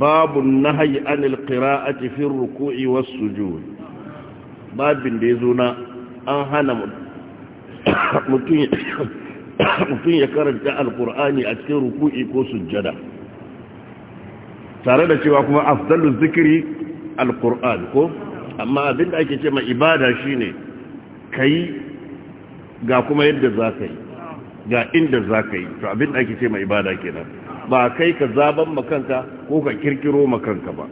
babu nahayi anil qira'ati fi ruku'i was sujud babin da yazo na an hana mutum ya karanta alqur'ani a cikin ruku'i ko sujjada tare da cewa kuma afdalu zikri alqur'an ko amma abin da ake ce ma ibada shine kai ga kuma yadda za ka yi ga inda za ka yi to abin da ake ce ma ibada kenan ba kai ka zaban makanka ko ka kirkiro makanka ba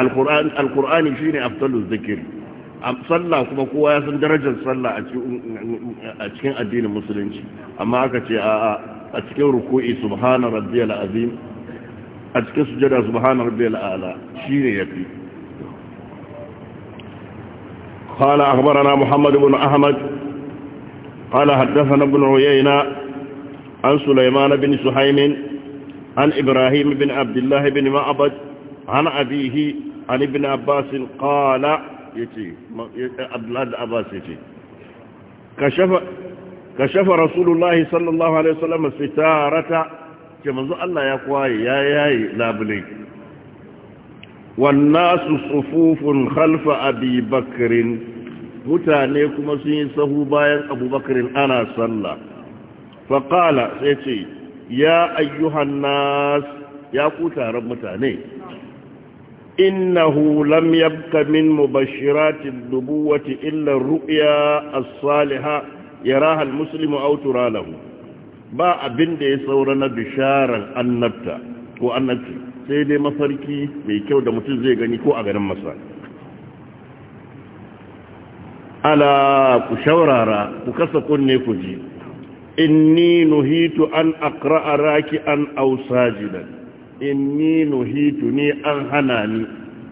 alkur'ani alkur'ani shine afdaluz zikri sallah kuma kowa ya san darajar sallah a cikin addinin musulunci amma aka ce a a cikin ruku'i subhana rabbiyal azim a cikin sujada subhana rabbiyal ala shine yafi قال أخبرنا محمد بن أحمد قال حدثنا ابن عيينة عن سليمان bin Suhaimin. عن إبراهيم بن عبد الله بن معبد عن أبيه عن ابن عباس قال يتي عبد الله بن عباس يتي كشف كشف رسول الله صلى الله عليه وسلم الستارة كما الله يقوي يا يا لا بلي والناس صفوف خلف أبي بكر mutane kuma sun yi sahu bayan abubakarin ana sallah faƙala sai ce ya ayyuhan nas ya ku taron mutane innahu lam yabka min mubashiratin dubuwati illa ru'ya as saliha yarahal muslimu aw turalahu ba abin da ya saura na bisharar annabta ko annabci sai dai mafarki mai kyau da mutum zai gani ko a ganin masa ala ku shaurara ku kasa kunne ku ji inni nuhitu an aqra'a raki'an aw sajidan inni nuhitu ni an hana ni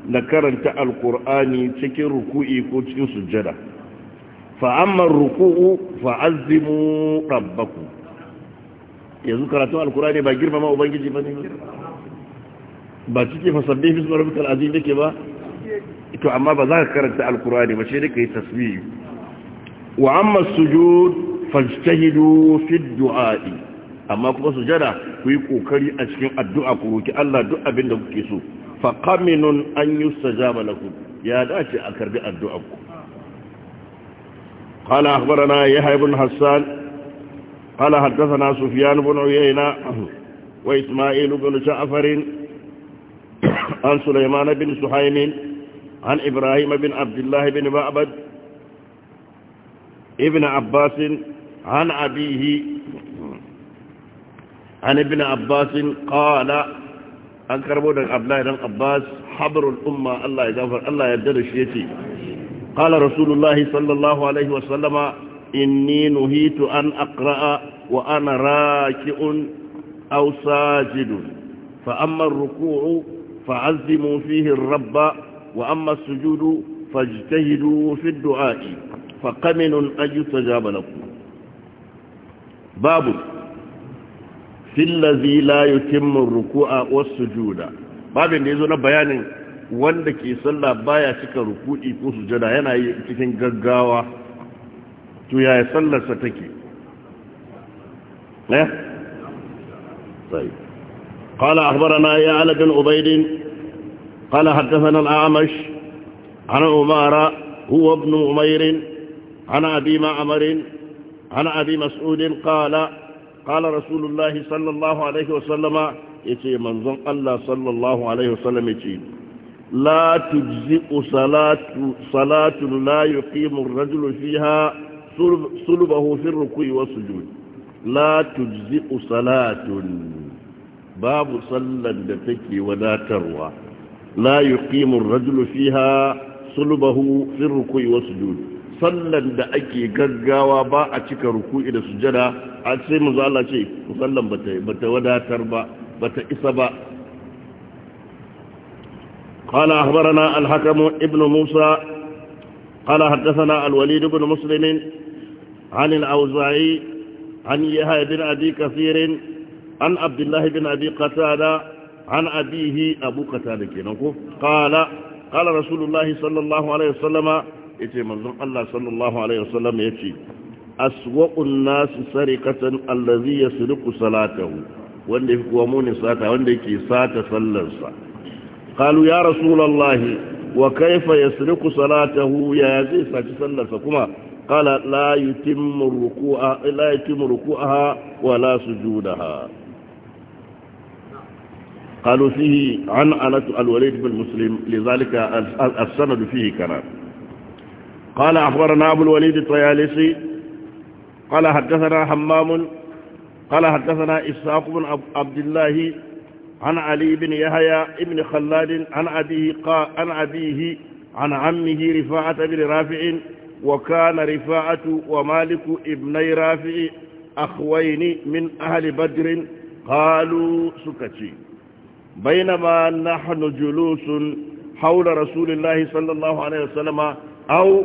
na karanta alqur'ani cikin ruku'i ko cikin sujjada fa amma ruku'u fa'azzimu rabbakum yanzu karatun alqur'ani ba girmama ubangiji bane ba cike fasabbihi bismi rabbikal azim yake ba to amma ba za ka karanta alqur'ani ba sai dai kai tasbih wa amma sujud fajtahidu fi du'a'i amma kuma sujada ku yi kokari a cikin addu'a ku roki Allah duk abin da kuke so fa qaminun an yusajaba lakum ya dace a karbi addu'a ku qala akhbarana yahya ibn hasan qala hadathana sufyan ibn uyayna wa isma'il ibn ja'far an sulayman ibn suhaym an ibrahim ibn abdullah ibn ba'bad Ibn عباس عن أبيه عن ابن عباس قال أكرمون عبد الله بن عباس حبر الأمة الله يغفر الله يدرش يتي قال رسول الله صلى الله عليه وسلم إني نهيت أن أقرأ وأنا راكع أو ساجد فأما الركوع فعزموا فيه الرب وأما السجود فاجتهدوا في الدعاء فقمن أن يستجاب لكم باب في الذي لا يتم الركوع والسجود باب ne zo na bayanin wanda ke sallah baya cika rukuɗi ko sujada yana yi cikin gaggawa to yaya sallar sa take eh sai qala akhbarana ya ala bin ubayd qala hadathana amash ana umara huwa ibn umair ana abi ma'mar عن أبي مسعود قال قال رسول الله صلى الله عليه وسلم يتي منظم الله صلى الله عليه وسلم يتي لا تجزئ صلاة, صلاة لا يقيم الرجل فيها صلبه في الركوع والسجود لا تجزئ صلاة باب صلى دتك ولا تروى لا يقيم الرجل فيها صلبه في الركوع والسجود musallan da ake gaggawa ba a cika ruku'i da sujada a sai muzalla ce musallan bata wadatar ba bata isa ba qala akhbarana al-hakim ibn musa qala hadathana al-walid ibn muslim an al-auza'i an yahya ibn abi an abdullah ibn abi qatada an abihi abu qatada kenan ko qala qala rasulullahi sallallahu alaihi wasallama yace manzon Allah sallallahu alaihi wasallam yace aswaqun nas sarikatan allazi yasriqu salatahu wanda fi kuwa muni sata wanda ke sata sallarsa Kalu ya rasulullahi wa kaifa ya yasriqu salatahu ya zai sata sallarsa kuma qala la yutimmu ruku'a la yutimmu ruku'aha wa la sujudaha قالوا فيه عن أنة الوليد بن مسلم لذلك السند فيه كلام قال أخبرنا أبو الوليد الطيالسي قال حدثنا حمام قال حدثنا إسحاق بن عبد الله عن علي بن يحيى بن خلاد عن أبيه قال عن أبيه عن عمه رفاعة بن رافع وكان رفاعة ومالك ابني رافع أخوين من أهل بدر قالوا سكتي بينما نحن جلوس حول رسول الله صلى الله عليه وسلم أو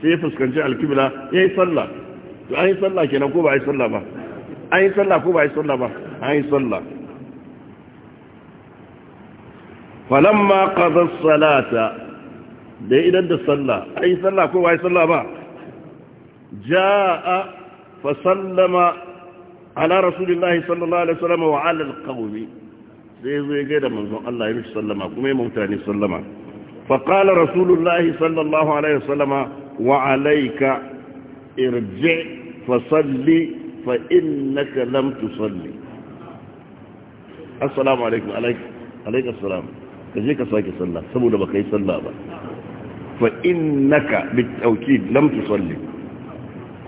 sai ya fuskanci alkibla ya yi sallah to an yi sallah kenan ko ba a yi sallah ba an yi sallah ko ba a yi sallah ba an yi sallah falamma qada salata da idan da sallah an yi sallah ko ba a yi sallah ba jaa fa sallama ala rasulillahi sallallahu alaihi wasallam wa ala alqawmi sai zai ya da manzon Allah ya mishi sallama kuma ya mutane sallama fa qala rasulullahi sallallahu alaihi wasallama وعليك ارجع فصلي فإنك لم تصلي السلام عليكم عليك عليك السلام كذلك ساكي صلى سبو لبكي صلى فإنك بالتوكيد لم تصلي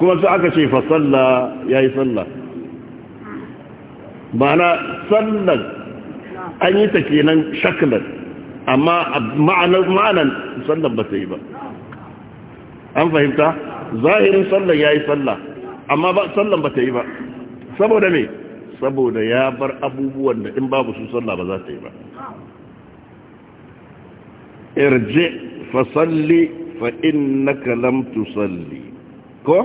كما سألك شيء فصلى يا صلى معنى صلى أن يتكينا شكلا أما معنى معنى صلى بتيبا an fahimta zahirin sallan ya yi sallah amma ba ba ta yi ba saboda me saboda ya bar abubuwan da in babu su sallah ba za ta yi ba irje salli fa innaka lam tusalli ko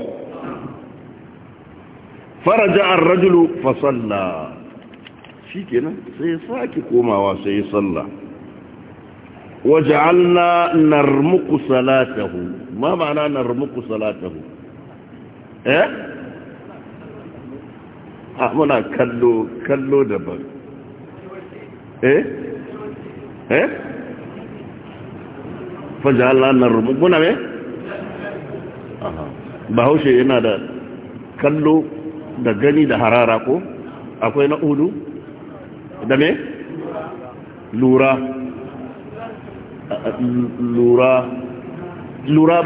faraja ar-rajulu fa shi shikenan sai ya saki komawa sai sallah وجعلنا نرمق صلاته ما معنى نرمق صلاته eh ah muna kallo kallo daban eh eh fajala narmu muna me aha bahaushe yana da kallo da gani da harara ko akwai na udu da lura lura lura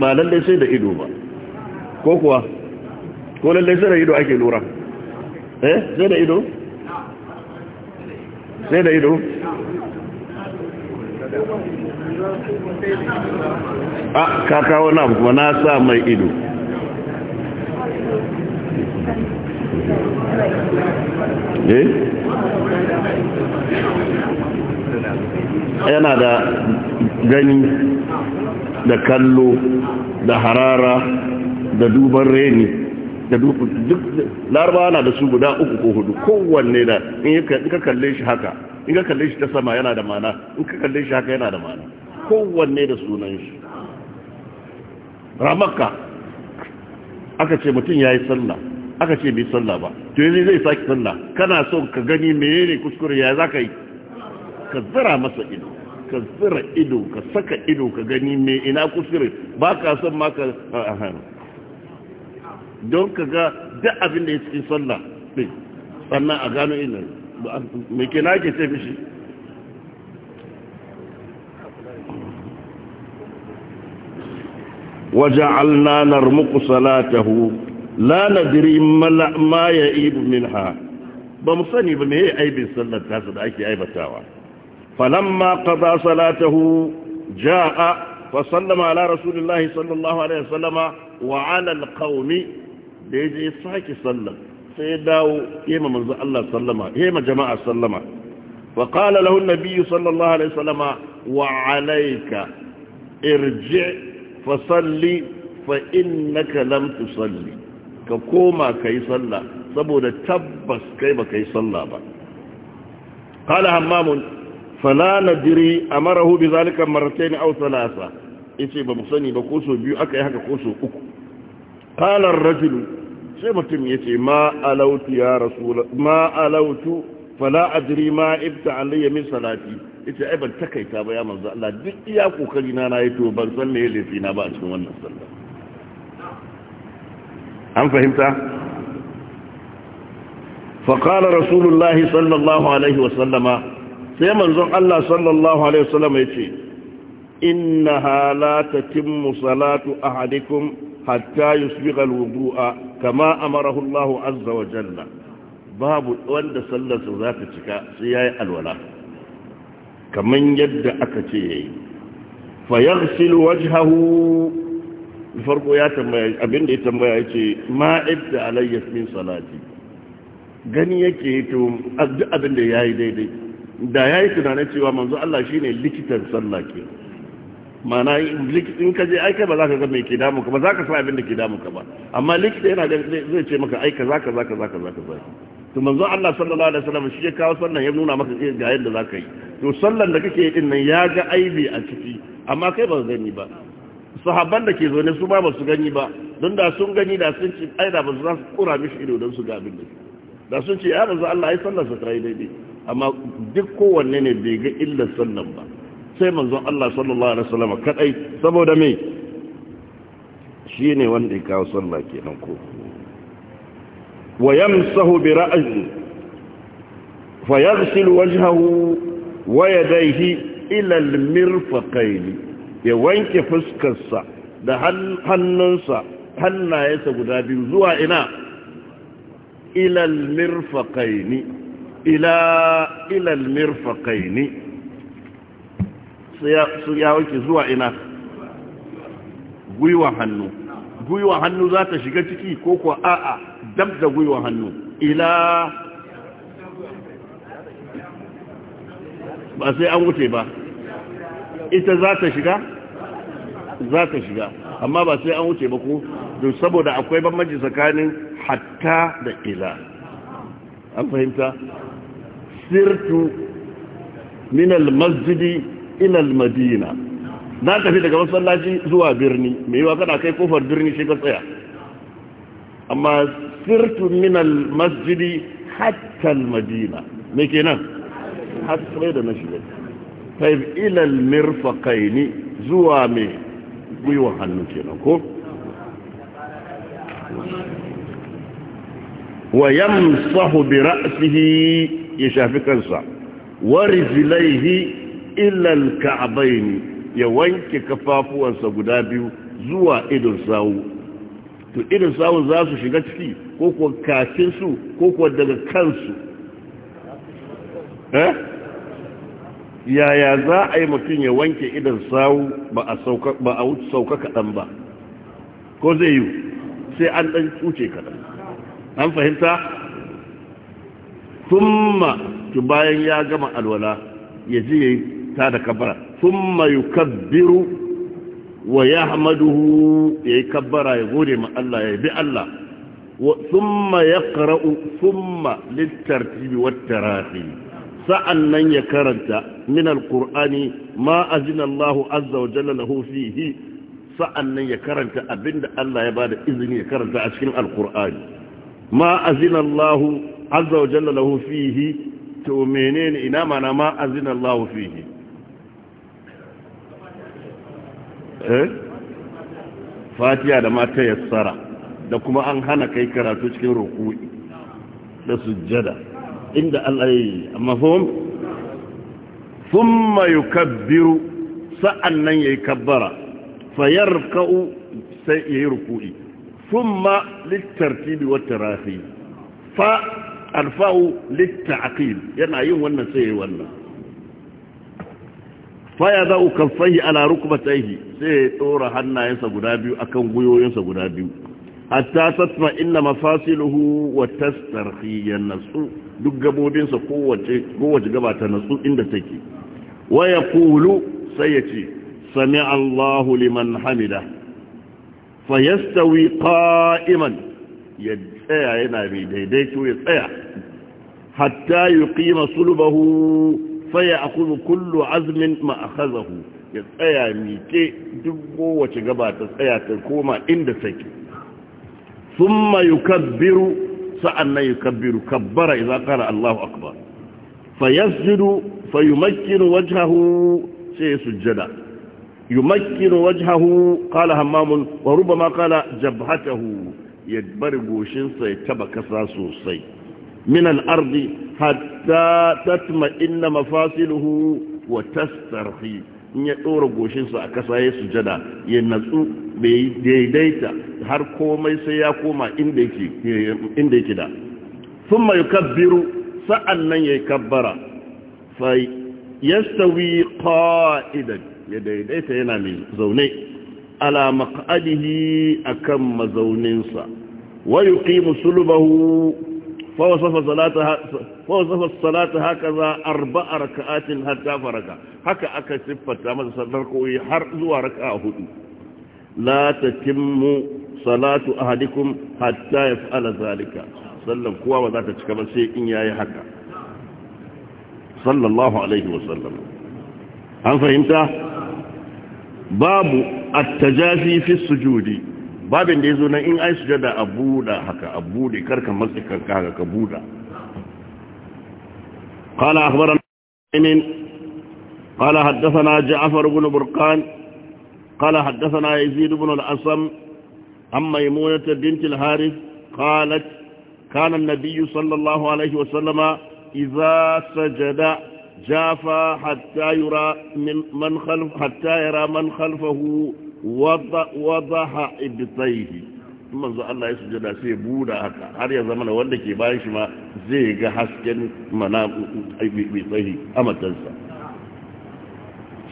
ba lallai sai da ido ba ko kuwa ko lallai sai da ido ake lura eh sai da ido sai da ido ah, a kakawa na kuma na sa mai ido eh yana da gani da kallo da harara da duban reni da duk larabawa na da su guda uku ko hudu kowanne da in ka kalle shi haka in ka kalle shi ta sama yana da mana in ka kalle shi haka yana da mana kowanne da sunan shi ramaka aka ce mutum ya yi sallah aka ce bai sallah ba to yanzu zai sake sallah kana so ka gani ne kuskure ya za ka yi ka zara masa ido ka tsira ido ka saka ido ka gani mai ina kusurin ba ka son ma ka don ka ga duk abin da ya cikin sallah ɗin sannan a gano ina mai ke na ke ce mishi wajen allanar muku salatahu la nadiri ma ya ibu min ha ba mu sani ba mai aibin sallar tasa da ake aibatawa فلما قضى صلاته جاء فسلم على رسول الله صلى الله عليه وسلم وعلى القوم بيجي ساكي سلم سيداو يما منذ الله سلم يما جماعة سلم فقال له النبي صلى الله عليه وسلم وعليك ارجع فصلي فإنك لم تصلي كقوما كي صلى سبو لتبس كيف كي صلى قال همام fala nadiri amarahu bi zalika marratayn aw thalatha yace ba mu sani ba ko so biyu aka yi haka ko so uku qala ar-rajulu sai mutum yace ma alautu ya rasul ma alautu fala adri ma ibta alayya min salati yace ai ban takaita ba ya manzo Allah duk iya kokari na nayi to ban san me laifi na ba a cikin wannan sallah an fahimta فقال رسول الله صلى الله عليه وسلم sai manzon Allah sallallahu alaihi wasallam ya ce innaha halata timmu salatu ahadikum hatta yusbigha alwudu'a kama amarahu Allah azza wa jalla babu wanda sallarsa za ta cika sai yi alwala kaman yadda aka ce yayi fayaghsil wajhahu farko ya tambaya abinda ya tambaya yace ma ibda alayya salati gani yake to abinda yayi daidai da ya yi tunanin cewa manzo Allah shi ne likitan sallah ke mana in ka je aika ba za ka ga mai ke damu ka ba za ka sa abin da ke damu ka ba amma likita yana da zai ce maka aika za ka za ka za ka za ka za to manzo Allah sallallahu alaihi wasallam shi ya kawo sannan ya nuna maka eh, ga yadda za ka yi to sallan da kake din nan ya ga aibi a ciki amma kai ba gani ba sahabban da ke zaune su ma ba su gani ba don da sun gani da sun ci aida ba su za su kura mishi ido don su ga abin da da sun ce ya manzo Allah ai sallar sa tayi daidai amma duk kowanne ne bai ga illar sallan ba sai manzon Allah sallallahu alaihi wasallam kadai saboda me shine wanda ya kawo sallah kenan ko wa yamsahu bi ra'si fa yaghsil wajhahu wa yadayhi ila al-mirfaqayn ya wanke fuskarsa da hannunsa hannayensa guda biyu zuwa ina ilal al-mirfaqayn ila ilal mirfaqaini su ya wuce zuwa ina gwiwa hannu gwiwa hannu za ta shiga ciki ko kuwa a'a dab da gwiwa hannu ila ba sai an wuce ba ita za ta shiga za ta shiga amma ba sai an wuce ba ko don saboda akwai bambanci tsakanin hatta da ila an fahimta sirtu minal masjidi ilal madina na tafi daga masallaci zuwa birni me yiwa kana kai kofar birni shi ka tsaya amma sirtu minal masjidi hattal madina me kenan har sai da na shiga taif ila almirfaqaini zuwa me gwiwa hannun kenan ko ويمصح برأسه ya shafi kansa a illal ka'abaini ya wanke kafafuwansa guda biyu zuwa idon sawu to idon sawu za su shiga ciki ko kuwa kafin su ko kuwa daga kansu eh yaya za a yi mutum ya wanke idon sawu ba a sauka kaɗan ba ko zai yi sai an ɗan tsuce kaɗan an fahimta thumma to bayan ya gama alwala ya je ta da kabbara thumma yukabbiru wa yahmaduhu yayi kabbara ya gode ma Allah ya bi Allah summa يقرأ ثم للترتيب والتراخي sa'annan ya karanta min alƙur'ani ma azina Allah azza wa jalla lahu fihi sa'annan ya karanta abinda Allah ya bada izini ya karanta a cikin alkur'ani ma azina Allah azza wa jalla lahu fihi to menene ina mana ma azina Allah fihi eh fatiha da ma ta yassara da kuma an hana kai karatu cikin ruku'i da sujjada inda Allah yi amma fahim thumma yukabbiru sa'annan yayi kabbara fayarka'u sai yayi ruku'i thumma litartibi wa tarahi fa alfa'u litta'aqil yana yin wannan sai yayi wannan fa ya za'u kaffaihi ala rukbatayhi sai ya tsora hannayensa guda biyu akan guyoyinsa guda biyu hatta tatma inna mafasiluhu wa ya yanasu duk gabobinsa kowace gaba ta nasu inda take Waya Kulu sai ya ce sami Allahu liman hamida fa yastawi ƙa'iman yadda tsaya yana mai daidaito ya tsaya hatta kima sulbahu fa ya'khudhu kullu azmin ma akhadhahu ya tsaya mike duk kowace gaba ta tsaya ta koma inda take thumma yukabbiru sa'annan yukabbiru kabbara idza qala Allahu akbar fayasjudu fayumakkinu wajhahu sai sujjada yumakkinu wajhahu qala hammamun. wa rubbama qala jabhatahu ya bari goshinsa ya taba kasa sosai min al-ardi hatta tatma inna mafasiluhu wa tastarhi in ya dora goshinsa a kasa ya sujada ya natsu bai daidaita har komai sai ya koma inda yake inda yake da sa'an nan ya yayi kabbara fa yastawi qa'idan ya daidaita yana mai zaune ala a kan mazauninsa wa yuqimu sulubahu fa wasafa salataha fa wasafa salata hakaza arba'a raka'atin hatta faraka haka aka siffata masa sallar koyi har zuwa raka'a hudu la tatimmu salatu ahadikum hatta yaf'ala zalika sallan kuwa ba za ta cika ba sai in yayi haka sallallahu alaihi wasallam an fahimta babu at-tajafi fi sujudi babin da yazo nan in ai sujada a buda haka a bude karka matsi kanka haka ka buda قال أخبرنا قال حدثنا جعفر بن برقان قال حدثنا يزيد بن الأصم عن ميمونة بنت الحارث قالت كان النبي صلى الله عليه وسلم إذا سجد جافا حتى يرى من, من خلف حتى يرى من خلفه وضح ابطيه Allah ya sujada sai buda haka har ya zama wanda ke bayan shi ma zai ga hasken mana bi tsahi amatansa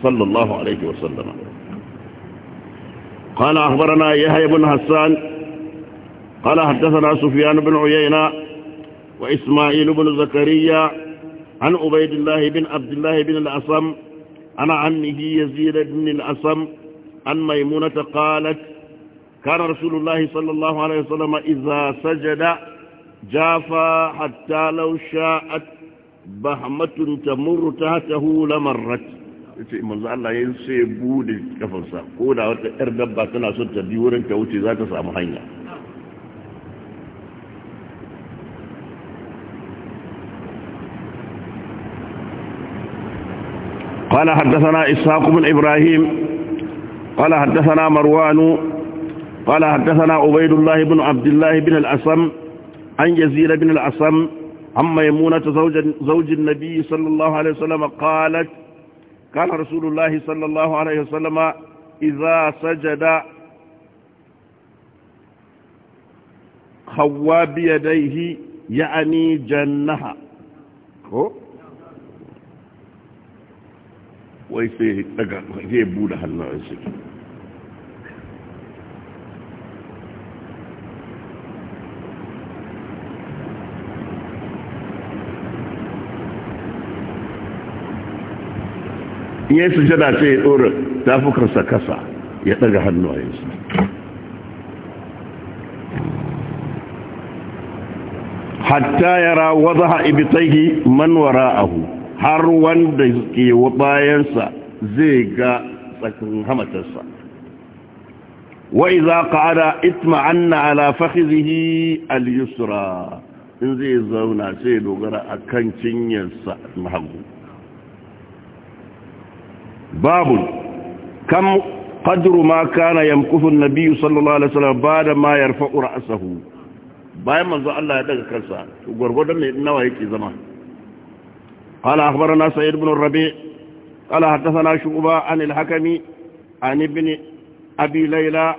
sallallahu alaihi wa sallama qala akhbarana yahya ibn hassan qala hadathana sufyan ibn uyayna wa isma'il ibn zakariya عن عبيد الله بن عبد الله بن الأصم عن عمه يزيد بن الأصم عن ميمونة قالت كان رسول الله صلى الله عليه وسلم إذا سجد جافا حتى لو شاءت بهمة تمر تحته لمرت yace manzo Allah ya sai bude kafarsa ko da wata yar dabba tana son ta bi wurin ta wuce za ta samu hanya قال حدثنا إسحاق بن إبراهيم قال حدثنا مروان قال حدثنا عبيد الله بن عبد الله بن الأسم عن يزيد بن الأسم عن ميمونة زوج, زوج النبي صلى الله عليه وسلم قالت قال رسول الله صلى الله عليه وسلم إذا سجد خواب يديه يعني جنها wai sai daga zai buɗe hannun shi in yi jada ce ya ɗora tafukarsa kasa ya ɗaga hannuwayensa hatta yara wadda ha'ibi tsaye man hu. har wanda ke bayansa zai ga tsakin hamatarsa wa iza qa'ada itma anna ala fakhizihi al-yusra in zai zauna sai dogara akan cinyarsa hagu babu kam qadru ma kana yamkufu an-nabi sallallahu alaihi wasallam bada ma yarfa'u ra'sahu bayan manzo Allah ya daga kansa gurgurdan ne nawa yake zama قال أخبرنا سعيد بن الربيع قال حدثنا شعبة عن الحكم عن ابن أبي ليلى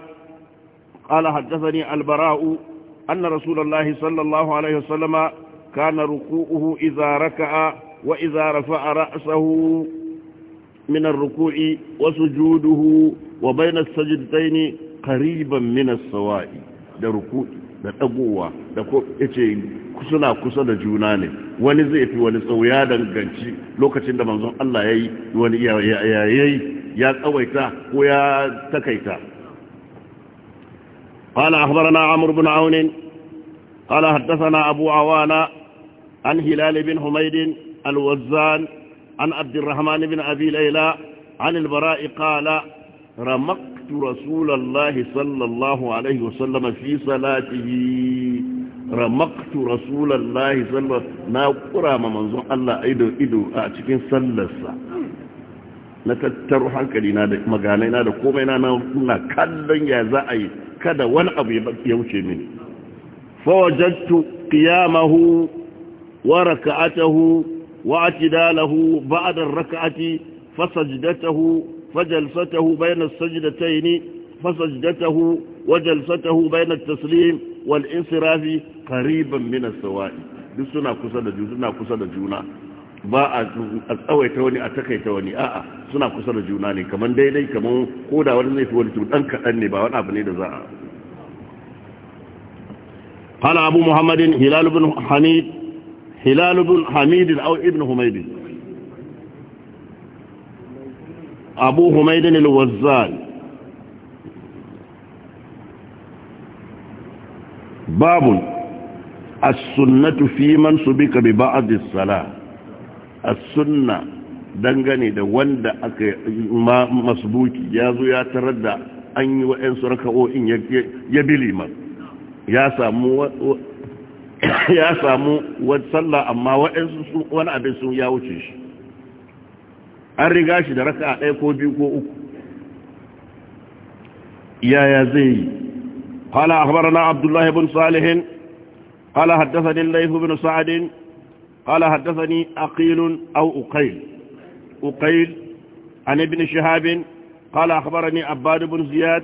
قال حدثني البراء أن رسول الله صلى الله عليه وسلم كان ركوعه إذا ركع وإذا رفع رأسه من الركوع وسجوده وبين السجدتين قريبا من السواء ده ركوع ده أبوة ده كو suna kusa da juna ne wani zai fi wani tsawo danganci lokacin da manzon Allah ya yi wani yayi ya tsawaita ko ya takaita قال أخبرنا عمرو بن عون قال حدثنا أبو عوانا عن هلال بن حميد الوزان عن عبد الرحمن بن أبي ليلى عن البراء قال رمقت رسول الله صلى الله عليه وسلم في صلاته ramaktu rasulallahi sallallahu na kura ma manzon Allah ido ido a cikin sallarsa na tattaro hankali na da magana na da komai na na kallon ya za a yi kada wani abu ya wuce mini fawajattu qiyamahu wa raka'atahu wa atidalahu ba'da fasajdatahu fajalsatahu bayna as-sajdatayn fasajdatahu وجلسته baina taslim. wal insirafi qariban min as-sawa'i duk suna kusa da juna suna kusa da juna ba a tsawaita wani a takaita wani a'a suna kusa da juna ne kaman daidai kaman koda wani zai fi wani dan kadan ne ba wani abu ne da za a abu Muhammadin محمد هلال hamid حميد Ibn بن حميد Humaidin ابن حميد أبو حميد Babu as-sunnatu fi man bi ba'd as-salah sunna dangane da wanda aka masbuki yazo ya tarar da an yi wa'ansu raka'o'in ya bilima ya samu ya samu sallah amma waɗansu wani abin sun ya wuce shi an riga shi da raka ɗaya ko biyu ko uku yaya zai yi قال أخبرنا عبد الله بن صالح قال حدثني الليث بن سعد قال حدثني أقيل أو أقيل أقيل عن ابن شهاب قال أخبرني عباد بن زياد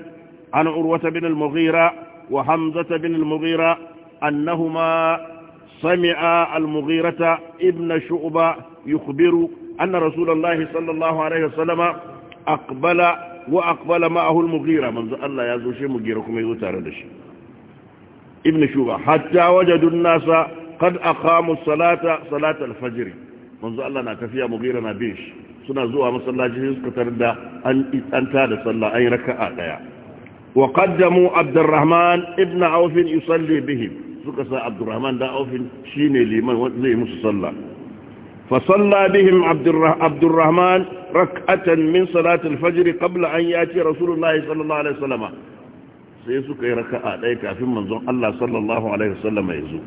عن عروة بن المغيرة وحمزة بن المغيرة أنهما سمع المغيرة ابن شعبة يخبر أن رسول الله صلى الله عليه وسلم أقبل wa aqbala ma'ahu al-mughira manzo Allah ya zo shi mughira kuma yazo tare da shi ibn shuba hatta wajadu an-nasa qad aqamu salata salata al-fajr manzo Allah na tafiya mughira na bin shi suna zuwa masallaci suka tarda an an ta da sallah ay raka'a daya wa qaddamu abdurrahman ibn auf yusalli bihim suka sa abdurrahman da auf shine liman wanda zai musu sallah فصلى بهم عبد الرحمن ركعة من صلاة الفجر قبل أن يأتي رسول الله صلى الله عليه وسلم سيسوك ركعة ليك في منظر الله صلى الله عليه وسلم يزوك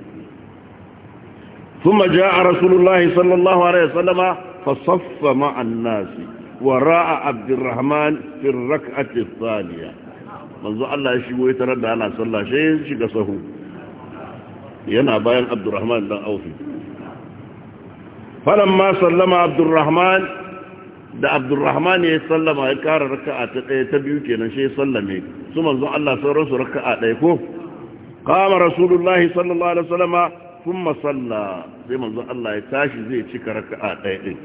ثم جاء رسول الله صلى الله عليه وسلم فصف مع الناس وراء عبد الرحمن في الركعة الثانية منظر الله يشبه يتردى على صلى شيء شكسه ينا عبد الرحمن بن أوفي falamma sallama abdurrahman da abdurrahman ya sallama ya kara raka'a ta ɗaya ta biyu kenan shi ya sallame su manzo Allah sauran su raka'a ɗaya ko kama rasulullahi sallallahu alaihi wasallama thumma salla sai manzo Allah ya tashi zai cika raka'a ɗaya din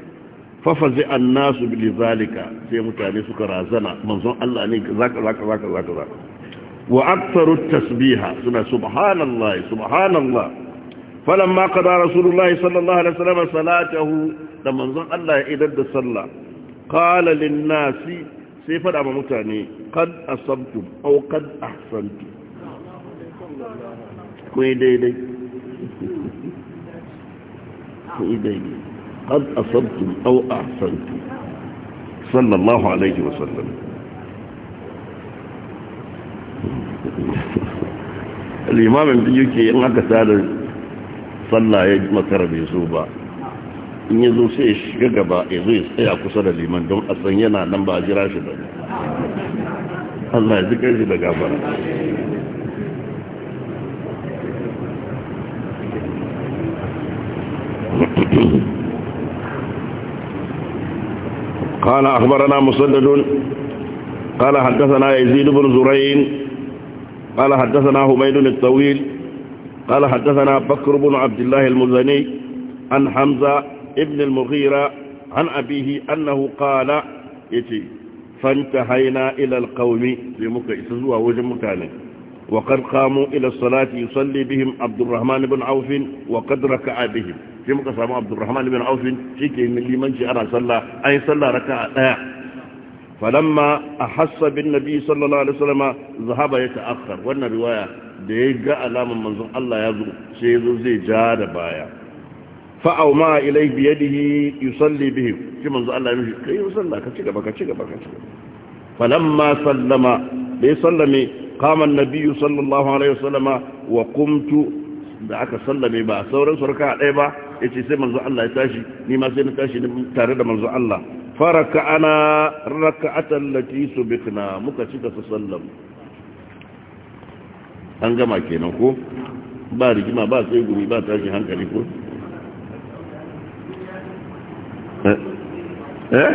fa fazi nasu bi zalika sai mutane suka razana manzo Allah ne zaka zaka zaka zaka wa aktharu tasbiha suna subhanallah, subhanallah فلما قضى رسول الله صلى الله عليه وسلم صلاته لما ظن الله إذا صلى قال للناس سيف أما متاني قد أصبتم أو قد أحسنتم كوي دي قد أصبتم أو أحسنتم صلى الله عليه وسلم الإمام يمكن يكي ينقى سالر صلى يجمع كربي زوبا إن يزو سيش يقبا إغيس أي أكسر لي من الله يذكر جدا قال أخبرنا مسدد قال حدثنا يزيد بن زرين قال حدثنا حميد الطويل قال حدثنا بكر بن عبد الله المزني عن حمزة ابن المغيرة عن أبيه أنه قال يتي فانتهينا إلى القوم بمكئس ووجه متانه وقد قاموا إلى الصلاة يصلي بهم عبد الرحمن بن عوف وقد ركع بهم في مقصة عبد الرحمن بن عوف شكي من لمن شأنا صلى أي صلى ركع آه. فلما أحس بالنبي صلى الله عليه وسلم ذهب يتأخر والنبي رواية da ya ga alamun manzon Allah ya zo sai ya zo zai ja da baya fa'au ma ilai biyadihi yusalli bihi shi manzon Allah ya mishi kai sallah ka ci gaba ka ci gaba ka ci gaba falamma sallama da ya sallame kamar nabi sallallahu alaihi wasallama wa وقمت da aka sallame ba sauran surka ɗaya ba ya ce sai manzon Allah ya tashi ni ma sai na tashi tare da manzon Allah faraka ana raka'atan lati subitna muka cika su sallam an gama kenan ko ba rigima ba sai gumi ba tashi hankali ko eh eh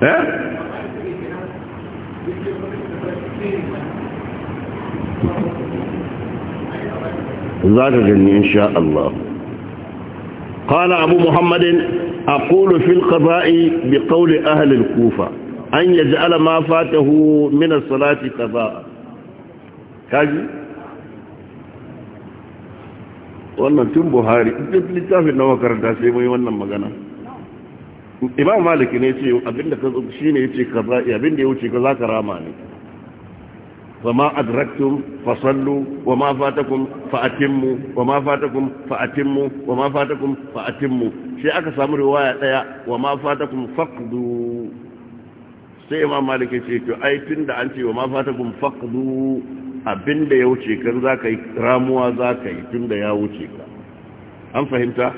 eh za ka gani insha Allah قال أبو محمد أقول في القضاء بقول أهل الكوفة أن يجعل ما فاته من الصلاة قضاء kaji wannan tun buhari duk littafin na makaranta sai mai wannan magana imam malik ne ce abinda ka shi ne yace kaza abinda ya wuce kaza ka rama ne Wama adraktum fasallu wama fatakum fa'atimmu wama fatakum fa'atimmu wama fatakum fa'atimmu sai aka samu riwaya daya wama fatakum faqdu sai imam malik ya ce to ai tunda an ce wama fatakum faqdu abin da ya wuce kan za ka yi ramuwa za ka yi tun da ya wuce ka an fahimta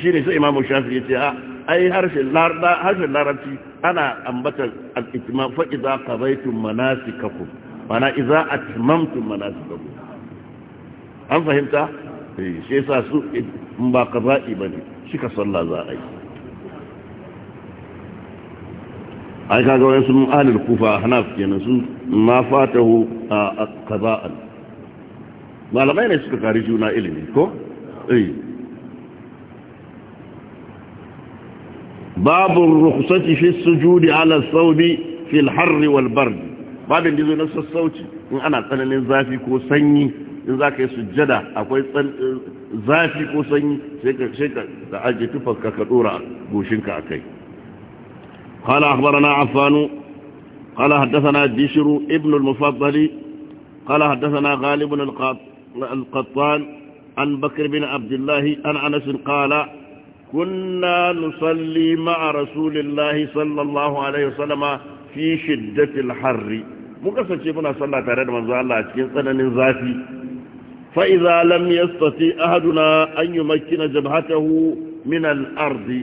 shi ne sai imamu shafi ya ce a ah, ai harshen laranci ana ambatar za ka bai tun mana iza su kaku an fahimta eh, shi sa su in ba ka za’i ba ne shi ka sallah za a yi ai kaga wani sun alil kufa hana kenan sun ma a qada'an malamai ne suka kari juna ilimi ko eh. babu rukhsati fi sujudi ala thawbi fi al-harr wal bard babin da zo na sassauci in ana tsananin zafi ko sanyi in za ka yi sujada, akwai zafi ko sanyi sai ka da aje ka dora goshinka a kai قال أخبرنا عفان قال حدثنا بشر ابن المفضل قال حدثنا غالب القطان عن بكر بن عبد الله عن أنس قال كنا نصلي مع رسول الله صلى الله عليه وسلم في شدة الحر مقصد شيئنا صلى تارد من الله أتكين صنن ذاتي فإذا لم يستطيع أحدنا أن يمكن جبهته من الأرض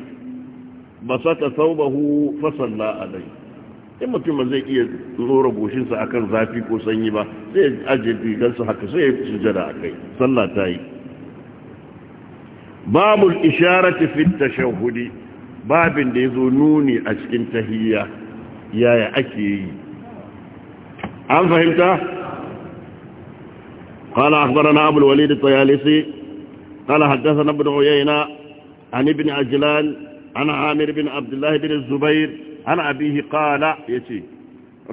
بسط ثوبه فصلى عليه in mutum zai iya tsoro goshinsa akan zafi ko sanyi ba sai ajiye rigarsa haka sai ya fi sujada a kai sallah ta yi babul isharati fi tashahhudi babin da yazo nuni a cikin tahiyya yaya ake yi an fahimta قال أخبرنا أبو الوليد الطيالسي قال حدثنا ابن عيينة عن ابن عجلان عن عامر بن bin Abdullahi bin Zubair? an abihi qala yace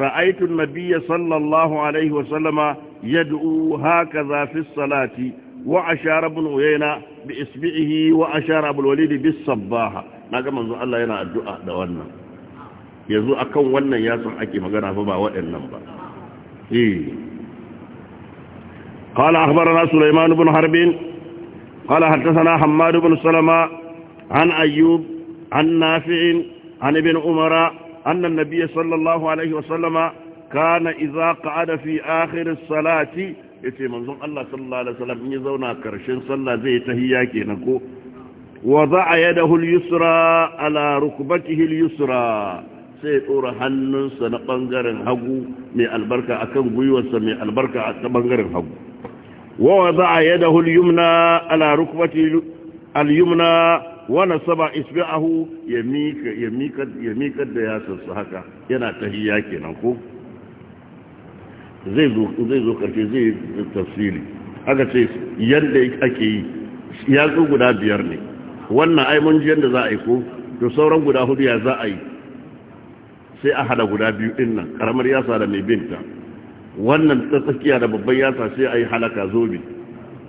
ra'aytu an-nabiyya sallallahu alaihi wa sallama yad'u hakaza fi as-salati wa ashara ibn uyayna bi isbi'ihi wa ashara abul walid bis sabbaha naga manzo Allah yana addu'a da wannan yanzu akan wannan ya san ake magana fa ba waɗannan ba eh قال أخبرنا سليمان بن حرب قال حدثنا حماد بن سلمة عن أيوب عن نافع عن ابن عمر أن النبي صلى الله عليه وسلم كان إذا قعد في آخر الصلاة yace manzon Allah sallallahu alaihi in ya zauna karshen sallah zai tahiyya kenan ko wada'a yadahu al-yusra ala rukbatihi al-yusra sai dora hannunsa na bangaren hagu mai albarka akan gwiwarsa mai albarka na bangaren hagu wa yumna ala wani saba isbi'ahu ya miƙa da yasarsa haka yana tahiyya kenan ko zai zo karfe zai tafsiri aka ce yadda ake yi Ya zo guda biyar ne wannan ai mun ji yadda za a yi ko to sauran guda hudu ya za a yi sai a hada guda biyu din nan karamar yasa da mai binta wannan ta tsakiya da babban yasa sai a yi halaka zobe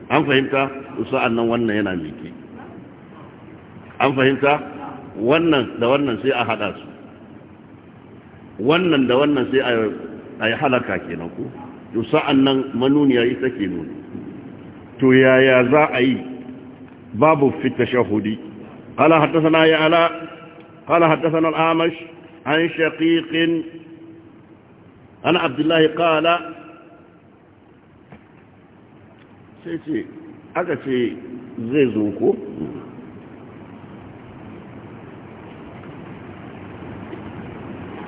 an fahimta sa'an nan wannan yana miki an fahimta wannan da wannan sai a haɗa su wannan da wannan sai a yi halaka kenan ku to sa'an nan manuniya ita ke nuni to yaya za a yi babu fita shahudi ala haddasa ya ala ala haddasa na al'amash an shaƙiƙin ana abdullahi ƙala sai ce aka ce zai zo ko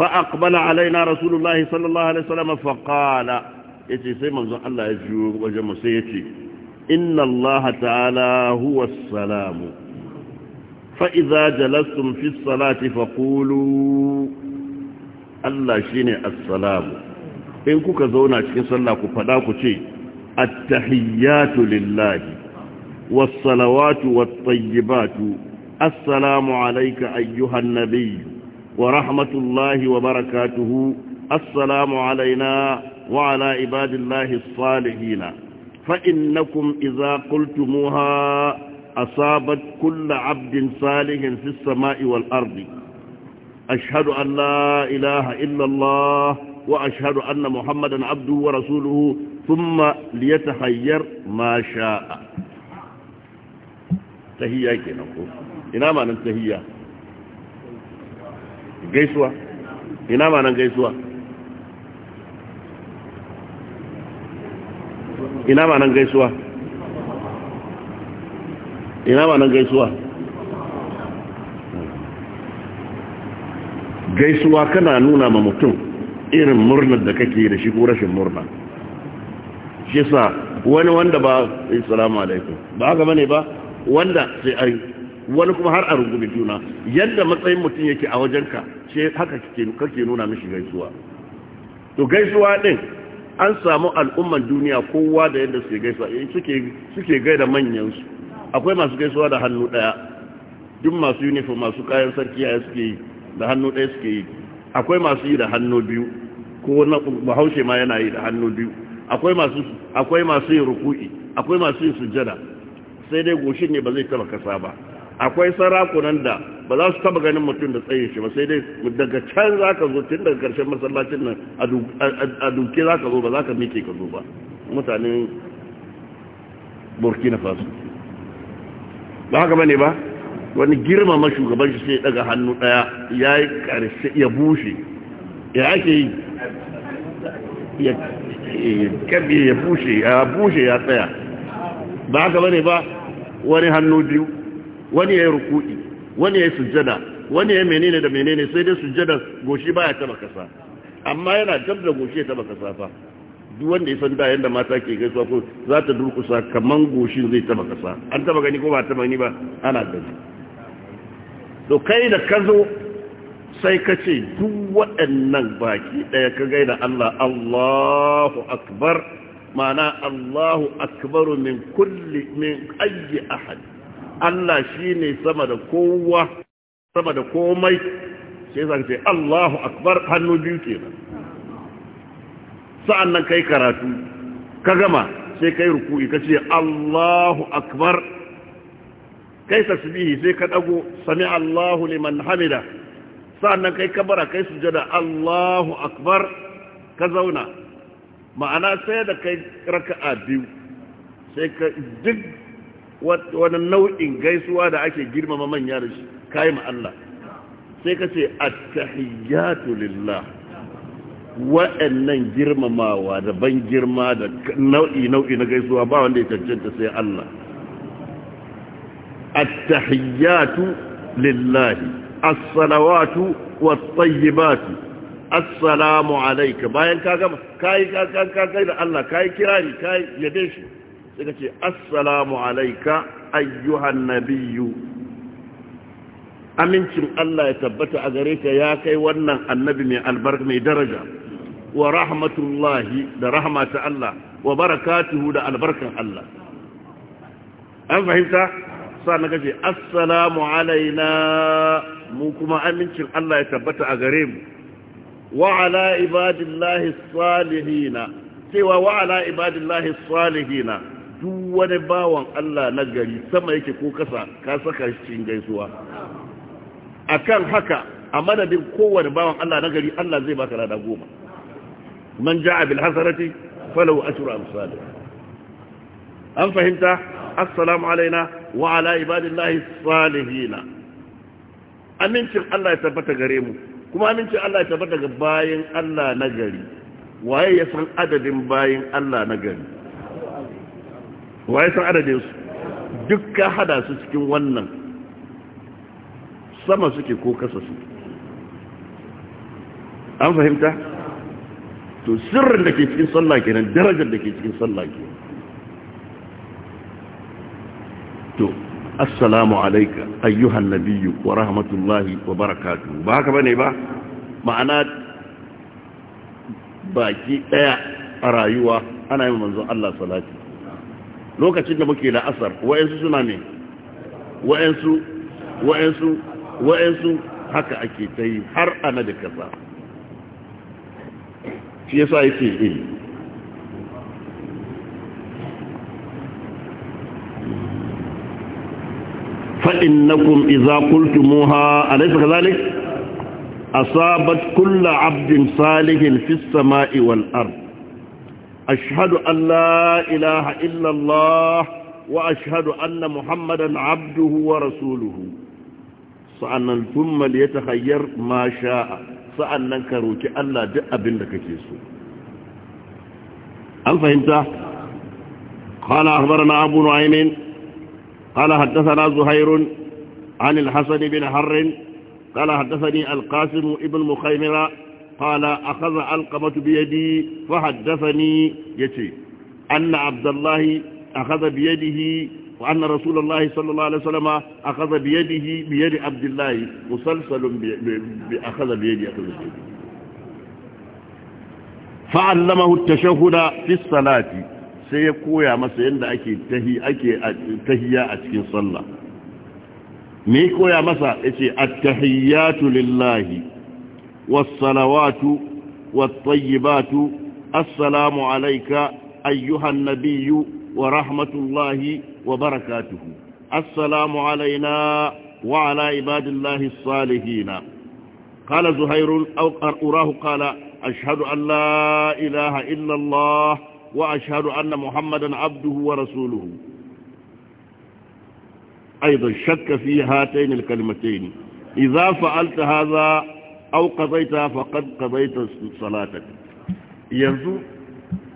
فأقبل علينا رسول الله صلى الله عليه وسلم فقال يتي سيما زن الله يجوه وجمع سيتي إن الله تعالى هو السلام فإذا جلستم في الصلاة فقولوا الله شيني السلام إن كوكا زونا شكين صلى كفداكو شي التحيات لله والصلوات والطيبات السلام عليك أيها النبي ورحمة الله وبركاته السلام علينا وعلى عباد الله الصالحين فإنكم إذا قلتموها أصابت كل عبد صالح في السماء والأرض أشهد أن لا إله إلا الله وأشهد أن محمدا عبده ورسوله ثم ليتخير ما شاء تهيئك نقول إنما ننتهيئ gaisuwa ina ma nan gaisuwa ina ma nan gaisuwa ina ma nan gaisuwa gaisuwa kana nuna ma mutum irin murnar da kake da shi ko rashin murna shi sa wani wanda ba salamu alaikum ba ga bane ba wanda sai ai wani kuma har a rungume juna yadda matsayin mutum yake a wajenka ce haka kake nuna mishi gaisuwa to gaisuwa din an samu al'umman duniya kowa da yadda suke gaisuwa eh, suke suke gaida manyan su akwai masu gaisuwa da hannu daya duk masu uniform masu kayan sarki ya suke yi da hannu daya suke yi akwai masu yi da hannu biyu ko na bahaushe ma yana yi da hannu biyu akwai masu akwai masu yin ruku'i akwai masu yin sujjada sai dai goshin ne ba zai taba kasa ba akwai sarakunan da ba za su taba ganin mutum da tsayin shi ba sai dai daga can za ka zo tun daga karshen masallacin nan a duke za ka zo ba za ka mike ka zo ba mutanen burkina faso ba haka ba ne ba wani girmama shugaban shi sai daga hannu daya ya yi karshe ya bushe ya ake yi ya kabe ya bushe ya bushe ya tsaya ba haka ba ne ba wani hannu biyu wani ya yi rukuɗi wani ya sujjada wani ya menene da menene sai dai sujjada goshi ya taba kasa amma yana dab da goshi ya taba kasa fa duk wanda ya san da yanda mata ke gaisuwa ko za ta durkusa kaman goshin zai taba kasa an taba gani ko ba taba ni ba ana gani to kai da ka zo sai ka ce duk waɗannan baki ɗaya ka gai da Allah Allahu akbar ma'ana Allahu akbaru min kulli min ayyi ahad Allah shi ne sama da kowa sama da komai sai zan ce Allahu akbar hannu biyu ba sa'an nan kai karatu ka gama sai kai ruku'i ka ce Allahu akbar kai tasbihi sai ka dago sami Allahu liman hamida sa'an nan kai kabara kai sujada Allahu akbar ka zauna ma'ana sai da kai raka'a biyu sai ka duk wani nau'in gaisuwa da ake girmama manya da shi kayi ma Allah sai ka ce attahiyatu lillah wa'annan girmamawa da ban girma da nau'i nau'i na gaisuwa ba wanda ya cancanta sai Allah attahiyatu lillahi as-salawatu wat assalamu alayka bayan ka gama kai ka kai da Allah kai kirari kai yade shi suka ce assalamu alaika ayyuhan nabiyyu amincin Allah ya tabbata a gare ka ya kai wannan annabi mai albarka mai daraja wa rahmatullahi da rahmata Allah wa barakatuhu da albarkan Allah an fahimta sa na gaje assalamu alaina mu kuma amincin Allah ya tabbata a gare mu wa ala ibadillahi salihina cewa wa ala ibadillahi salihina duk wani bawan Allah na gari sama yake ko kasa ka saka shi cikin gaisuwa akan haka a madadin kowane bawan Allah na gari Allah zai baka lada goma man ja'a bil hasanati falahu ashru amsal an fahimta assalamu alaina wa ala ibadillahi salihin amincin Allah ya tabbata gare mu kuma amincin Allah ya tabbata ga bayin Allah na gari waye ya san adadin bayin Allah na gari Wa san adadin su duk hada su cikin wannan sama suke ko kasa su an fahimta to sirrin da ke cikin sallah kenan darajar da ke cikin sallah ke to assalamu alaika ayyuhan nabiyyu wa rahmatullahi wa barakatu ba haka ne ba ma'ana baki daya a rayuwa ana yin manzon Allah salati lokacin da muke la'asar wa'yansu suna ne wa'yansu wa'yansu wa'yansu haka ake ta yi har ana da kasa shi yasa yake yi فإنكم إذا قلتموها أليس كذلك أصابت كل عبد صالح في السماء والأرض أشهد أن لا إله إلا الله وأشهد أن محمدا عبده ورسوله فأن ثم ليتخير ما شاء فأن سأنن كروك ألا دعب لك كيسو هل فهمت قال أخبرنا أبو نعيم قال حدثنا زهير عن الحسن بن حر قال حدثني القاسم ابن مخيمرة qala akhadha alqamatu bi yadi fa haddathani yace anna abdullahi akhadha bi yadihi wa anna rasulullahi sallallahu alaihi wasallam akhadha bi yadihi bi yadi abdullahi musalsalun bi akhadha bi yadi fa allamahu at-tashahhud fi salati sai ya koya masa yanda ake tahi a cikin sallah me ya koya masa yace at-tahiyyatu lillahi والصلوات والطيبات السلام عليك أيها النبي ورحمة الله وبركاته السلام علينا وعلى عباد الله الصالحين قال زهير أو أراه قال أشهد أن لا إله إلا الله وأشهد أن محمدا عبده ورسوله أيضا شك في هاتين الكلمتين إذا فعلت هذا aw qadaita faqad qadaita salatak yanzu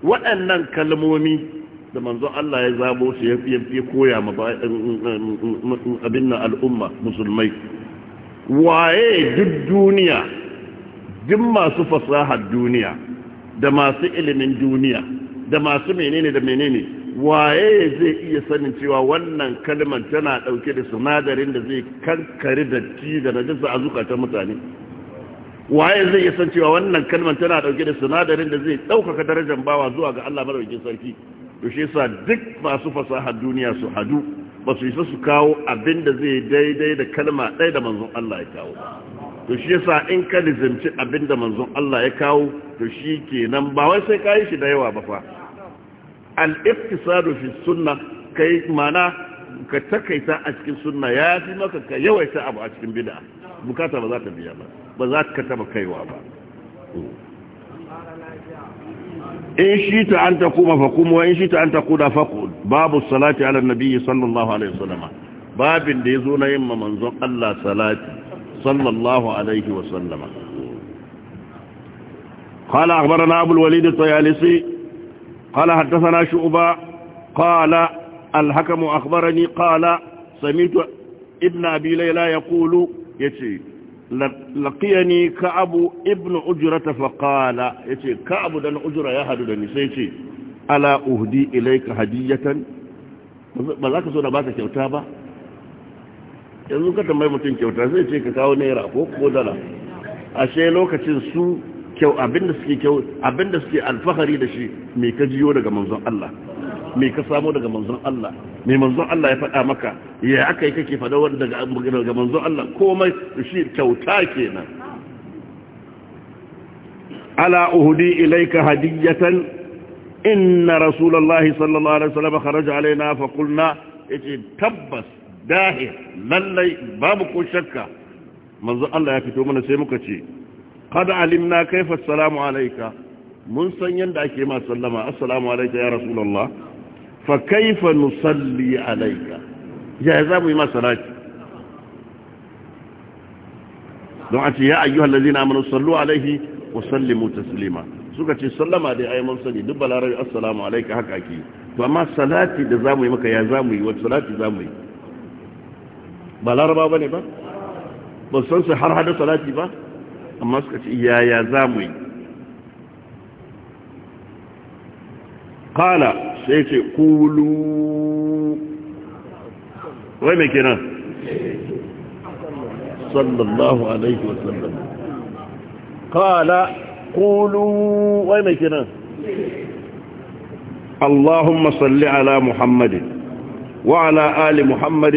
waɗannan kalmomi da manzo Allah ya zabo su ya koya ma abin na al'umma musulmai waye duk duniya duk masu fasahar duniya da masu ilimin duniya da masu menene da menene waye zai iya sanin cewa wannan kalmar tana ɗauke da sinadarin da zai kankari datti da najasa a zukatan mutane waye zai iya san cewa wannan kalmar tana dauke da sinadarin da zai ɗaukaka darajar bawa zuwa ga Allah madaukakin sarki to shi yasa duk masu fasaha duniya su hadu ba su isa su kawo abin da zai daidai da kalma ɗaya da manzon Allah ya kawo to shi yasa in ka lizimci abin da manzon Allah ya kawo to shi kenan ba wai sai kayi shi da yawa ba fa al-iqtisadu fi sunna kai mana ka takaita a cikin sunna ya fi maka ka yawaita abu a cikin bid'a bukata ba za ta biya ba ba za ka taba kaiwa ba in shi ta an ta kuma fakumu in shi ta an ta kuda fakul babu salati ala nabi sallallahu alaihi wasallam babin da yazo na yin manzon Allah salati sallallahu alaihi wasallam قال أخبرنا أبو الوليد الطيالسي قال حدثنا شعبا قال الحكم أخبرني قال سمعت ابن أبي ليلى يقول يتي laƙiyani ka ibnu ibn ujira ta faƙala ya ce ka abu da na ujira ya hadu da nisai ce ala uhudi ilaika hadiyatan ba za ka so da ba ka kyauta ba yanzu ka tambayi mutum kyauta zai ce ka kawo naira ko dala a lokacin su kyau abinda suke suke alfahari da shi mai ka jiyo daga manzon Allah me ka samu daga manzon Allah me manzon Allah ya faɗa maka ya aka yi kake faɗa wanda daga manzon Allah komai shi kyauta kenan ala uhudi ilaika hadiyatan inna rasulullahi sallallahu alaihi wasallam kharaja alaina fa qulna yace tabbas dahi, lallai babu ko shakka manzon Allah ya fito mana sai muka ce qad alimna kayfa assalamu alayka mun san yanda ake ma sallama assalamu alayka ya rasulullah fa kaifa nusalli alayka ya za mu yi masa salati don a ce ya ayyuhal ladina amanu sallu alaihi wa sallimu taslima suka ce sallama da ayi mun sani duk balarabi assalamu alayka haka ake to amma salati da za mu yi maka ya za mu yi wa salati za mu yi ba laraba ba ne ba ba san su har hada salati ba amma suka ce yaya za mu yi kala sai ce kulu wai mai kenan sallallahu alaihi wasallam kala kulu wai mai kenan اللهم صل ala محمد وعلى آل محمد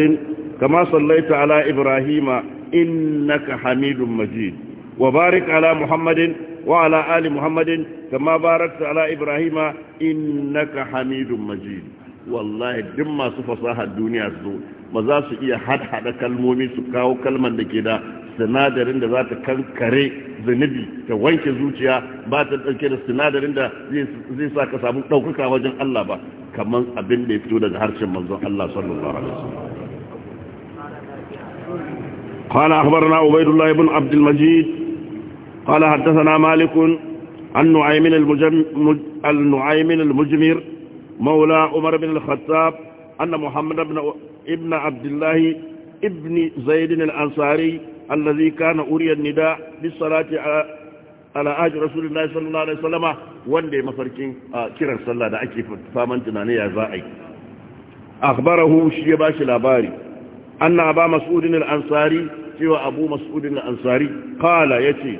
كما صليت على إبراهيم hamidun حميد مجيد وبارك ala Muhammadin. وعلى آل محمد كما باركت على إبراهيم إنك حميد مجيد والله دم ما صفصاها الدنيا الزول maza su iya hada kalmomi su kawo kalman da ke da sinadarin da za ta kankare zunubi ta wanke zuciya ba ta ɗauke da sinadarin da zai sa ka samu ɗaukaka wajen Allah ba kamar abin da ya fito daga harshen manzon Allah sallallahu alaihi wasallam قال أخبرنا عبيد الله بن عبد قال حدثنا مالك عن نعيم المجم... المجمر مولى عمر بن الخطاب أن محمد بن ابن عبد الله ابن زيد الأنصاري الذي كان أري النداء بالصلاة على آج رسول الله صلى الله عليه وسلم وندي مفركين كرا صلى الله عليه فامن تناني زائي أخبره شيباش الأباري أن أبا مسعود الأنصاري سوى أبو مسعود الأنصاري قال يتي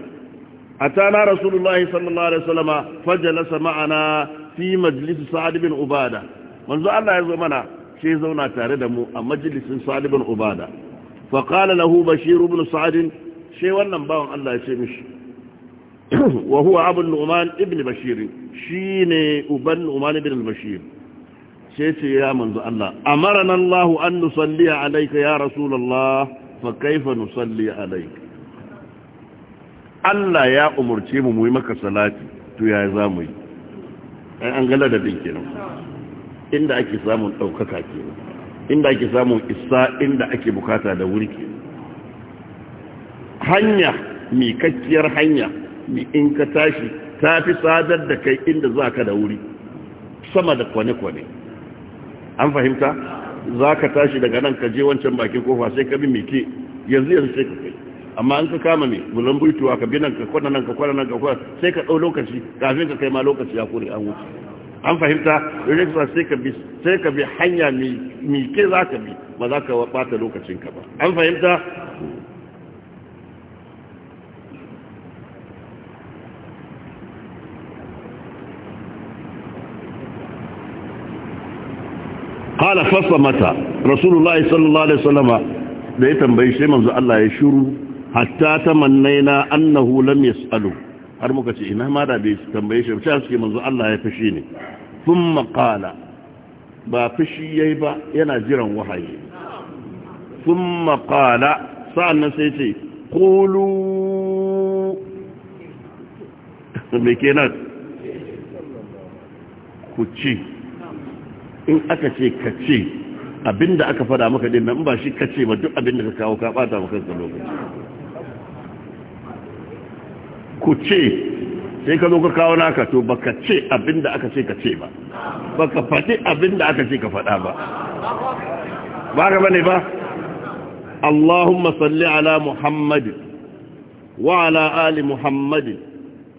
hatta na rasulullahi sallallahu alaihi wasallama fajalasa ma'ana fi majlis sa'ad bin ubada manzo Allah ya zo mana sai zauna tare da mu a majalisin sa'ad bin ubada fa qala lahu bashir ibn sa'ad shi wannan bawon Allah ya ce mishi wa huwa abu nu'man ibn bashir shine uban nu'man ibn bashir sai ce ya manzo Allah amarna Allah an nusalli alayka ya rasulullah fa kaifa nusalli alayka Allah ya umurce mu mu yi maka salati to ya za mu yi ai an gala da bin kenan inda ake samun ɗaukaka kenan inda ake samun isa inda ake bukata da wuri kenan hanya mikakkiyar hanya in ka tashi ta fi sadar da kai inda za ka da wuri sama da kwane-kwane an fahimta za ka tashi daga nan ka je wancan bakin kofa sai ka bi mike yanzu yanzu sai ka kai amma an ka kama ne bulan bultuwa ka bi nan ka kwana nan ka kwana nan ka kwana sai ka ɗau lokaci kafin ka kai ma lokaci ya kore an wuce an fahimta rikisa sai ka bi sai ka bi hanya mai ke za ka bi ba za ka ɓata lokacinka ba an fahimta قال فصمت رسول الله صلى الله عليه وسلم da ya tambayi shi manzo Allah ya shiru hatta ta na, annahu lam yasalu har muka ce ina ma da bai tambaye shi ba suke manzo Allah ya fishi ne thumma qala ba fishi yayi ba yana jiran wahayi thumma qala sa'annan sai ce qulu me kenan ku ci in aka ce ka ce abinda aka fada maka din nan ba shi ka ce ba duk abinda ka kawo ka bata maka lokaci ku ce sai ka zo ka kawo naka to baka ce abinda aka ce ka ce ba baka faɗi abinda aka ce ka faɗa ba ba ka bane ba Allahumma salli ala Muhammad wa ala ali Muhammad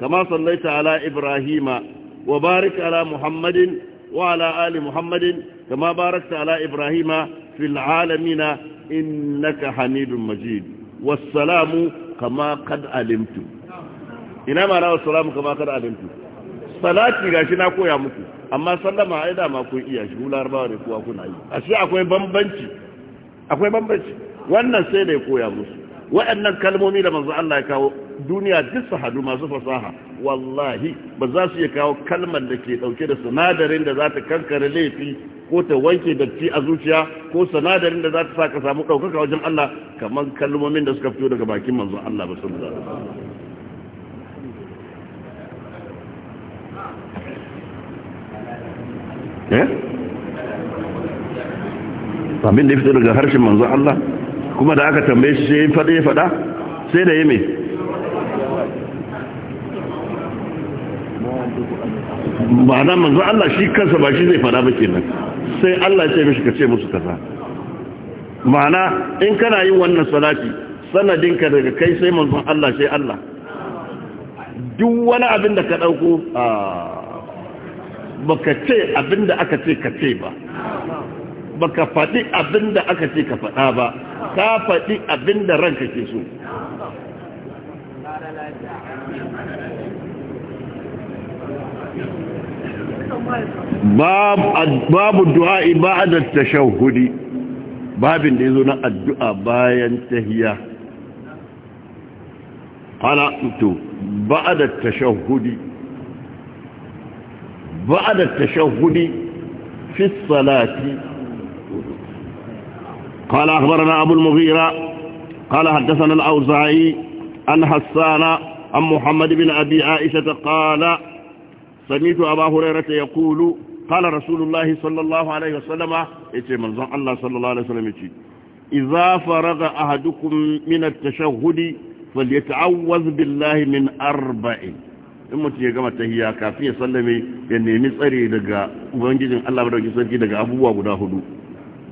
kama sallaita ala Ibrahima wa barik ala Muhammadin wa ala ali Muhammadin kama barakta ala Ibrahima fil alamin innaka Hamidum Majid والسلام kama قد علمتم ina ma na salamu kama kada alimtu salati gashi na koya muku amma sallama ai da ma kun iya shi hular bawa ne kuwa kuna yi shi akwai bambanci akwai bambanci wannan sai da ya koya musu waɗannan kalmomi da manzo Allah ya kawo duniya duk hadu masu fasaha wallahi ba za su iya kawo kalmar da ke dauke da sinadarin da za ta kankare laifi ko ta wanke datti a zuciya ko sinadarin da za ta sa ka samu ɗaukaka wajen Allah kamar kalmomin da suka fito daga bakin manzo Allah ba wasallam Eh? abin da ya fito daga harshen manzo Allah kuma da aka tambaye shi sai fada ya faɗa sai da ya mai ba na manzo Allah shi kansa ba shi zai faɗa ba kenan sai Allah ya ce mishi ka ce musu kaza ma'ana in kana yin wannan salati sanadinka daga kai sai manzon Allah sai Allah duk wani abin da ka ɗauko ah baka ce da aka ce ka ce ba baka faɗi da aka ce ka faɗa ba ka faɗi abinda ranka ke so babu du'a du'a'i ba'da hudi babin da ya zo na addu'a bayan ta tahiyya qala tu ba'da hudi. بعد التشهد في الصلاة قال أخبرنا أبو المغيرة قال حدثنا الأوزعي عن حسان عن محمد بن أبي عائشة قال سمعت أبا هريرة يقول قال رسول الله صلى الله عليه وسلم إتي من الله صلى الله عليه وسلم إذا فرغ أحدكم من التشهد فليتعوذ بالله من أربعين in mutum ya gama tahiya kafin ya sallame ya nemi tsare daga ubangijin Allah madaukakin sarki daga abubuwa guda hudu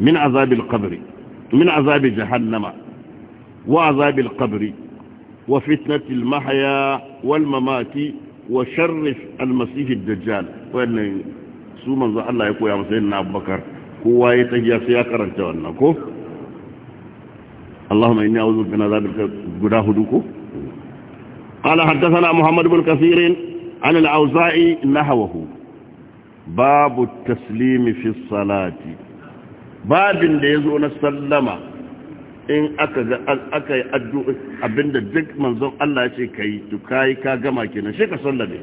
min azabil qabri min azabi jahannama wa azabil qabri wa fitnatil mahya wal mamati wa sharrif al masih ad dajjal wannan su manzo Allah ya koya masa yin Abubakar kowa ya tahiya sai ya karanta wannan ko Allahumma inni a'udhu bika min azabil qabri guda hudu ko قال حدثنا محمد بن كثير عن الأوزاعي نحوه باب التسليم في الصلاة باب يزون السلمة in aka ga aka yi addu'a abinda duk manzon Allah ya ce kai to kai ka gama kenan shi ka sallame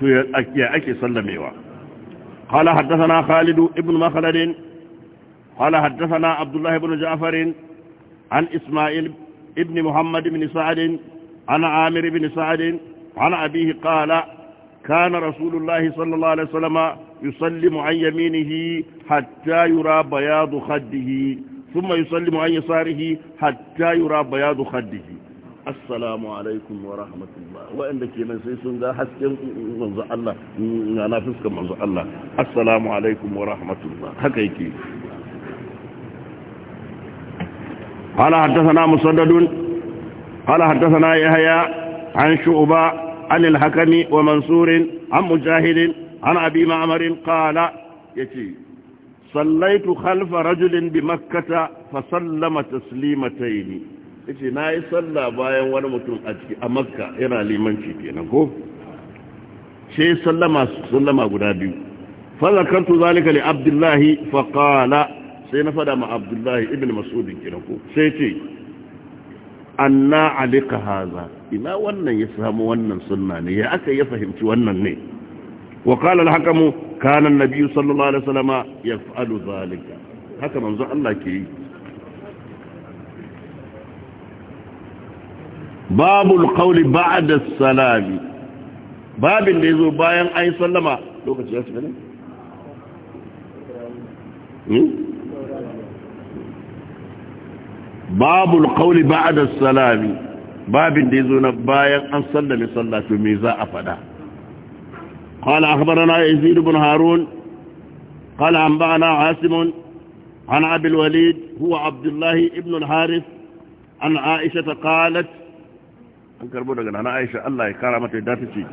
to ya ake sallamewa قال حدثنا خالد ابن مخلد قال حدثنا عبد الله بن جعفر عن إسماعيل ابن محمد بن سعد عن عامر بن سعد عن أبيه قال كان رسول الله صلى الله عليه وسلم يسلم عن يمينه حتى يرى بياض خده ثم يسلم عن يساره حتى يرى بياض خده assalamu alaikum wa rahmatullah wa'anda ke nan sai sun ga hasken manzo Allah na fuskar manzo Allah assalamu alaikum wa قال حدثنا مسدد قال حدثنا يحيى عن شعبة عن الحكم ومنصور عن مجاهد عن أبي معمر قال يتي صليت خلف رجل بمكة فسلم تسليمتين يتي ناي صلى بايا ونمتم أجي أمكة إرى لمن شكينا شيء سلم سلم أبو نبي فذكرت ذلك لعبد الله فقال سينفد مع عبد الله ابن مسعود كنا سيتي anna alika haza ina wannan ya samu wannan sunna ne ya aka ya fahimci wannan ne wa qala al-hakamu kana an-nabi sallallahu alaihi wasallama yaf'alu zalika haka manzo Allah ke yi babul qawli ba'da as-salami babin da yazo bayan ayi sallama lokaci ya shiga ne hmm? babu alqawli da salami babin da ya zo na bayan an sallame sallah to me za a fada qala akhbarana yazid ibn harun an qala anba'ana asim عن أبي huwa Abdullahi, Ibn al-Haris, الحارث Aisha ta قالت an karbo daga na aisha Allah ya kara mata yadda ta ce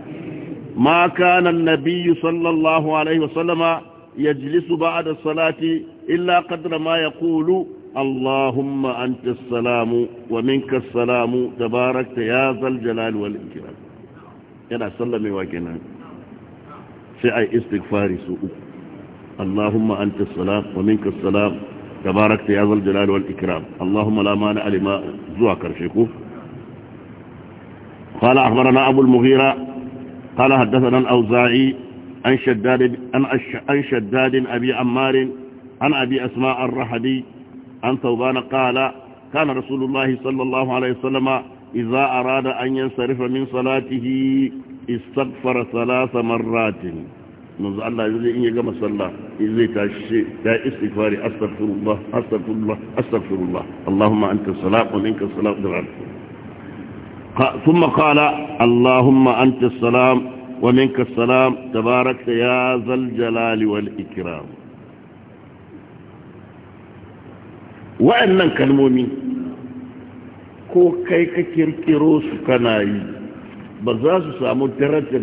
ma kana annabiyyu sallallahu alaihi wasallama yajlisu da salati illa qadra ma yaqulu اللهم أنت السلام ومنك السلام تبارك يا ذا الجلال والإكرام yana sallamewa kenan sai ai istighfari su uku Allahumma anta salam wa minka salam tabarakta ya zal jalal wal ikram Allahumma la alima zuwa karshe ku قال أخبرنا أبو المغيرة قال حدثنا الأوزاعي عن شداد عن شداد أبي عمار عن أبي أسماء الرحدي an sauzana kala kan rasulullahi sallallahu alaihi wasallama iza arada an yin sarifa min salatihi istagfara salasa marratin manzo Allah zai iya gama sallah zai tashi ya istighfari astaghfirullah astaghfirullah astaghfirullah allahumma anta salam wa minka salam wa ثم قال اللهم انت السلام ومنك السلام تبارك يا ذا الجلال والاكرام wa'annan kalmomi ko kai ka kirkiro su kana yi ba za su samu darajar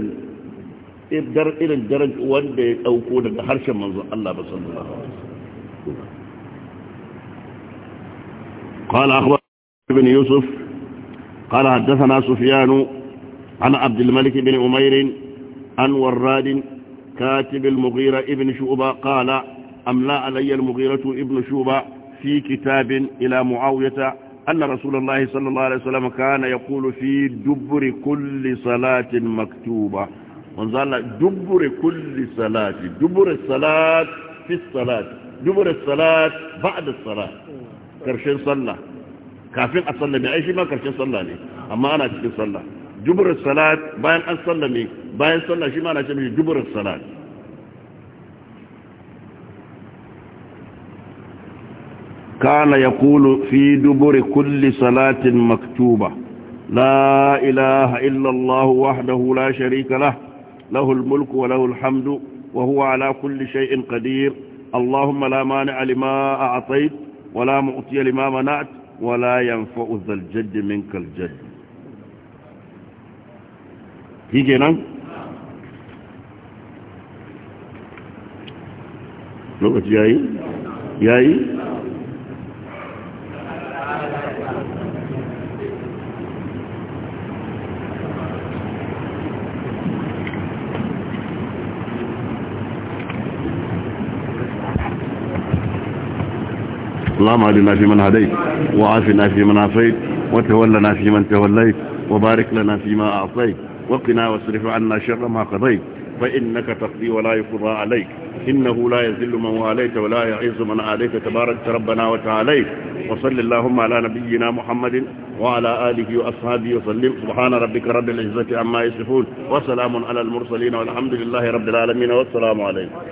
ibdar irin darajar wanda ya dauko daga harshen manzon Allah ba sallallahu alaihi قال أخبر بن يوسف قال حدثنا سفيان عن عبد الملك بن أمير عن وراد كاتب المغيرة ابن شعبة قال أملا علي المغيرة ابن شعبة في كتاب إلى معاوية أن رسول الله صلى الله عليه وسلم كان يقول في دبر كل صلاة مكتوبة وانزال دبر كل صلاة دبر الصلاة في الصلاة دبر الصلاة بعد الصلاة كرشين صلى كافين أصلى بأي شيء ما كرشين صلى لي أما أنا أتكي صلى دبر الصلاة باين أصلى مي باين صلى شيء ما أنا أتكي دبر الصلاة kana ya kulu fi duburi kulli salatin maktuba la ilaha illallah wahdahu la sharika lah lahul mulku wa lahul hamdu wa huwa ala kulli shay'in qadir allahumma la mani'a lima a'tayt wa la mu'tiya lima mana'at wa la yanfa'u dhal jadd minka al اللهم اهدنا فيمن هديت وعافنا فيمن عافيت وتولنا فيمن توليت وبارك لنا فيما أعطيت وقنا واصرف عنا شر ما قضيت فإنك تقضي ولا يقضى عليك إنه لا يذل من واليت ولا يعز من عليك تبارك ربنا وتعالي وصل اللهم على نبينا محمد وعلى آله وأصحابه وسلم سبحان ربك رب العزة عما يصفون وسلام على المرسلين والحمد لله رب العالمين والسلام عليكم